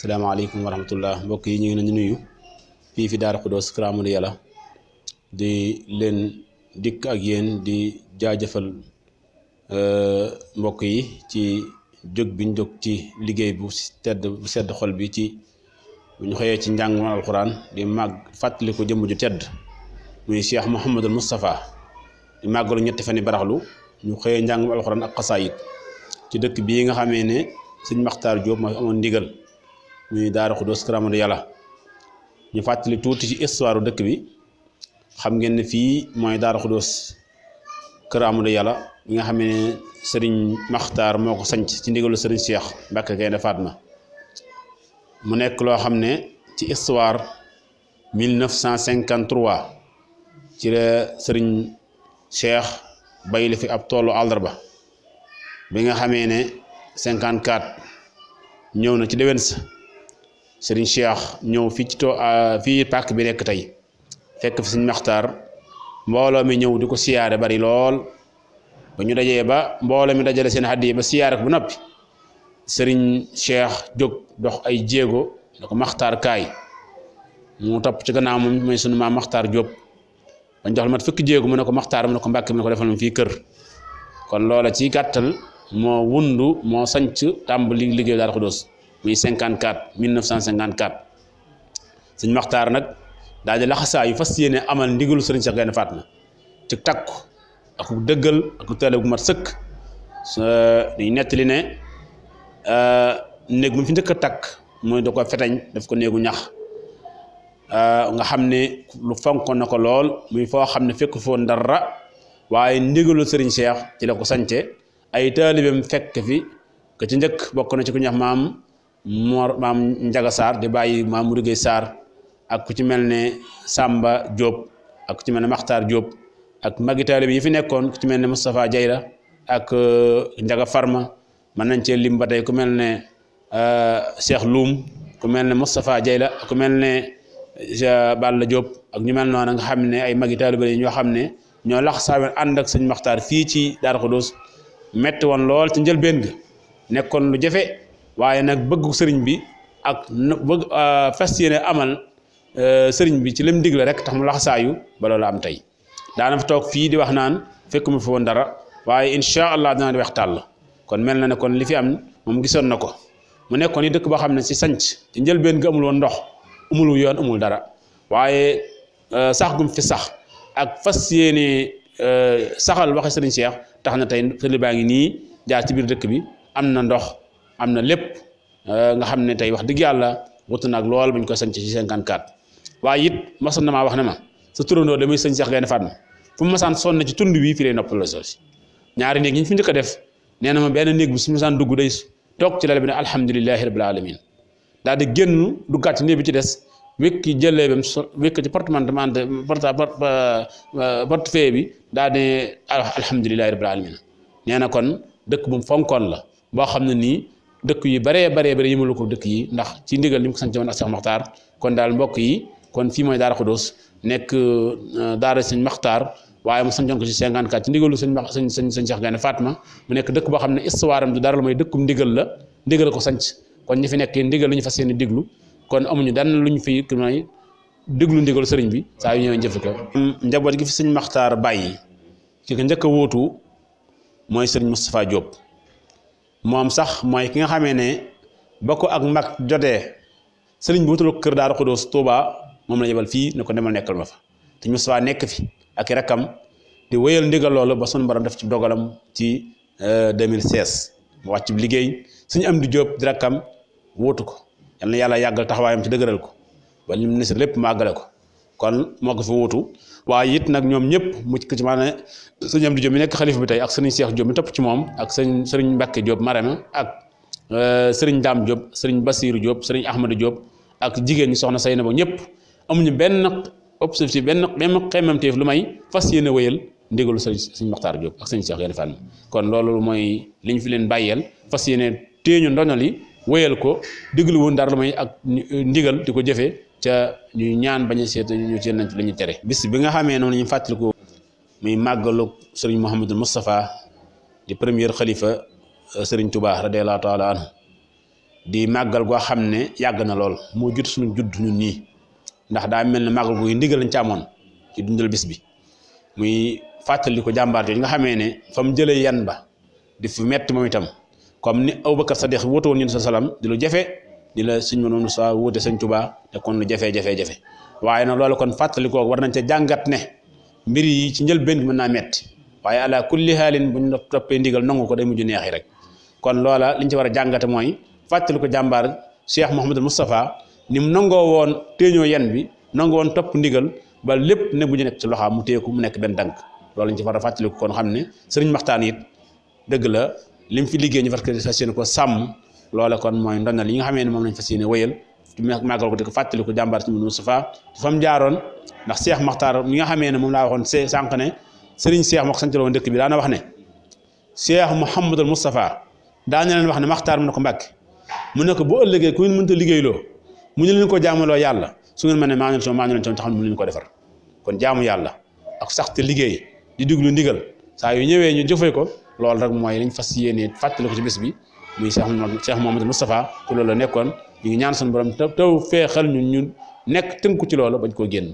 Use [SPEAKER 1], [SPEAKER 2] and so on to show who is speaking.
[SPEAKER 1] alaykum wa rahmatullah mbok yi ñu ngi di nuyu fi fi Daara qudus di len dik ak yeen di euh mbok yi ci jog biñ jog ci liggey bu tedd bu sedd xol bi ci bu ñu xëyee ci di mag fatli ko jëmm ju tedd muy Cheikh mustafa di màggalu ñett fani yi baraxlu ñu xëyee njàngum alxuraan ak qasayid ci dëkk bi nga xamé ne sëñ diop ma ndigal muy Daaru Xuddoos Kër Amadou Yàlla ñu fàttali tuuti ci histoire dëkk bi xam ngeen ne fii mooy Daaru Xuddoos Yàlla bi nga xam ne Serigne Makhtar moo ko sanc ci ndigalu Serigne Cheikh Mbacke Gaynde Fatma mu nekk loo xam ne ci histoire 1953 ci sëriñ Serigne Cheikh bay fi ab toolu àllarba bi nga xamee ne 54 ñëw na ci déwén sa sëriñ Cheikh ñëw fii ci too ah, fii pàkk bi nekk tey fekk fi suñ maxtaar mbooloo mi ñëw di ko siyaare bari lool ba ñu dajee ba mbooloo mi dajale seen xaddi ba siyaare ko bu noppi sëriñ Cheikh jóg dox ay jéego da ko maxtaar kaay mu topp ci gannaaw mooy sunu maam maxtaar Diop bañ jox la mat fukki jéego mu ne ko maxtaar mu ne ko mbàkk mu ne ko defal ma fii kër kon loola ci gàttal moo wundu moo sanc tàmbali liggéeyu daal Xuddoos muy 54 1954 seigne maxtaar nak dajé di laxasaa yu fas amal ndigul seigne Cheikh gane fatna ci takku ak deugal ak télé bu mat sëkk dañu nettali ne euh, néeg mu fi njëkk tak moy da ko feteñ daf ko néegu ñax euh, nga xam lu fonko nako ko lool muy fo xam fekk fo dara waye ndigul seigne Cheikh ci la ko santé ay taalibeem fekk fi ke ci njëkk bokku na ci ku ñax maam Mor maam Njaga saar di bàyyi maam Mouride saar ak ku ci mel ne sàmba jóob ak ci mel ne Makhtar jóob ak magi taalibe yi fi nekkoon ku ci mel ne Moustapha Diayra ak euh, Njaga Farma mën nañ cee lim ba ku mel ne euh, Cheikh Loum ku mel ne Moustapha Diayla ku mel ne Balla Diop ak ñu mel noonu nga xam ne ay magi taalibe yi ñoo xam ne ñoo lax saawe ànd ak sëñ Makhtar fii ci Darou Khoudoss metti woon lool ci njëlbeen ga nekkoon lu jafe. waaye nag bëgg sëriñ bi ak bëgg fas yéene amal sëriñ bi ci lim digle rek tax mu laxasaayu ba loolu am tey daana fa toog fii di wax naan fekk mu fa woon dara waaye insha allah dana di wax tàll kon mel na ne kon li fi am moom gisoon na ko mu nekkoon yi dëkk boo xam ne si sanc ci njëlbeen nga amul woon ndox amul yoon amul dara waaye sax gum fi sax ak fas yéene saxal waxe sëriñ Cheikh tax na tey sëriñ baa ngi nii jaar ci biir dëkk bi am na ndox am na lépp euh, nga xam ne tey wax dëgg yàlla wut naag lool buñ ko sanc ci 54 waaye it masoon na maa wax ne ma sa turandoo damay sëñ Cheikh Gaynde Fatma fu mu masaan sonn ci tund bii fii lay noppaloo soosi ñaari néeg ñi fi njëkk a def nee na ma benn néeg bi su masaan dugg day toog ci lal bi ne alhamdulilahi rabil alamin daal di génn duggaat ci néeg bi ci des wékki jëlee bam so wékk ci portemantement porte euh, portefeuille bi daal di alhamdulilahi rabil alamin nee na kon dëkk bu mu fonkoon la boo xam ne nii dëkk yu bare bare bare yëmalu ko dëkk yi ndax ci ndigal lim ko sant woon ak Cheikh Makhtar kon dal mbokk yi kon fi moy euh, Daara khodos nek Daara seigne Makhtar waaye mu sancoon ko ci 54 ci ndigalu sëñ Max sëñ seigne sëñ Cheikh gane Fatma mu nek dëkk bo xamne histoire am du dara moy dëkkum ndigal la ndigal ko sant kon ñi fi nek ndigal la ñu fas diglu kon amuñu dan lu ñu fi may diglu ndigal seigne bi sa yu ñew jëf ko. njabot gi fi seigne Makhtar bayyi ci ko njëkk a moy seigne mustapha Diop. moom sax mooy ki nga xamee ne ba ko ak mag jotee sëriñ bi wutal ko kër Daaru Xudoos Tuuba moom la yebal fii ne ko demal nekkal ma fa te Mustafaa nekk fi ak i rakkam di wéyal ndigal loolu ba sunu borom def ci dogalam ci 2016 euh, mu wàcc liggéey suñu am di jóob di rakkam wóotu ko yal na yàlla yàggal taxawaayam ci dëgëral ko ba lim ministre lépp màggale ko kon moo ko fi wuutu waaye it nag ñoom ñëpp mu ci maanaam sëñ Amdi Diop mi nekk xalifa bi tey ak sëriñ Cheikh Diop mi topp ci moom ak sëñ sëriñ Mbacke Diop Marème ak euh, sëriñ Dame Diop sëriñ Basiirou Diop sëriñ Ahmadou Diop ak jigéen ñi soxna Seyna ba ñëpp amuñu benn objectif benn même xemmemteef lu may fas yéene wéyal ndigalu sëñ sëñ Maxtaar Diop ak sëñ Cheikh Yane Fane kon loolu mooy li ñu fi leen bàyyeel fas yéene téeñu ndonol yi wéyal ko diglu dara lu may ak euh, ndigal di ko jëfee. ca ñuy ñaan bañ a seeta ñu ñu nañ la ñu tere bis bi nga xamee noonu ñu fàttaliku muy màggalu sëriñ Mouhamadul Moustapha di première xalifa euh, sëriñ Touba radiyallahu taala anhu di màggal goo xam ne yàgg na lool moo jut suñu judd ñu nii ndax daa mel ne màggal gu ndigal lañ ci amoon ci dundal bis bi muy fàttali ko jàmbaar yi nga xamee ne fa mu jëlee yan ba di fi metti moom itam comme ni Abubakar Sadiq woote woon ñun sa salaam di lu jafe di la suñ saa sa sañ sëñ Tuubaa te kon lu jafe-jafe-jafe waaye nag loolu kon fàttali war nañ ca jàngat ne mbir yi ci njëlbéen mën naa metti waaye ala kulli haalin buñ toppee ndigal nangu ko day mujj neexi rek kon loola liñ ci war a jàngate mooy fàttali ko jàmbaar Cheikh Mouhamadul Moustapha ni mu nangoo woon téeñoo yen bi nangu ndigal ba lépp ne bu ñu ci loxaam mu téeku mu nekk benn dànk loolu lañ war a fàttaliku kon xam ne sëriñ Maxtaan yit dëgg la lim fi liggéey ñu far ko seen ko sàmm lolé kon moy ndonal yi nga xamé mom lañ fassiyene wëyel ci magal ko di ko fàttali ko jàmbaar ci mu Moustapha fam mu jaaroon ndax Cheikh Makhtar mi nga xamé mom la waxon waxoon see ne Serigne Cheikh Makhtar santé la dëkk bi daana wax ne Cheikh Mouhamadul Moustapha daana lañ wax ne Makhtar mu ne ko Mbàkke mu ne ko bu ëllëgee ku ñu mënta ligéy lo mu ñu leen ko jaamaloo yàlla su ngeen ma ne ñu ngi leen toon mu leen ko defar kon jaamu yàlla ak sax te liggéey di déglu ndigal sa yu ñëwé ñu jëfé ko loolu rek moy liñ fassiyene yéene ko ci bés bi muy Cheikh moom Mouhamadou Moustapha ci loolu la nekkoon ñu ngi ñaan suñu borom taw taw feexal ñun ñun nekk tënku ci loolu bañ koo génn